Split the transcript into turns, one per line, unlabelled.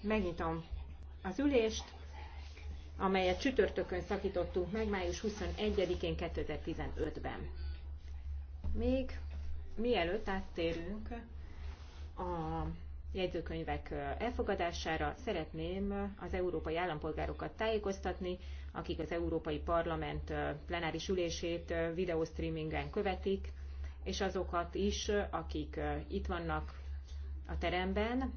Megnyitom az ülést, amelyet csütörtökön szakítottunk meg május 21-én 2015-ben. Még mielőtt áttérünk a jegyzőkönyvek elfogadására szeretném az európai állampolgárokat tájékoztatni, akik az Európai Parlament plenáris ülését videostreamingen követik, és azokat is, akik itt vannak a teremben,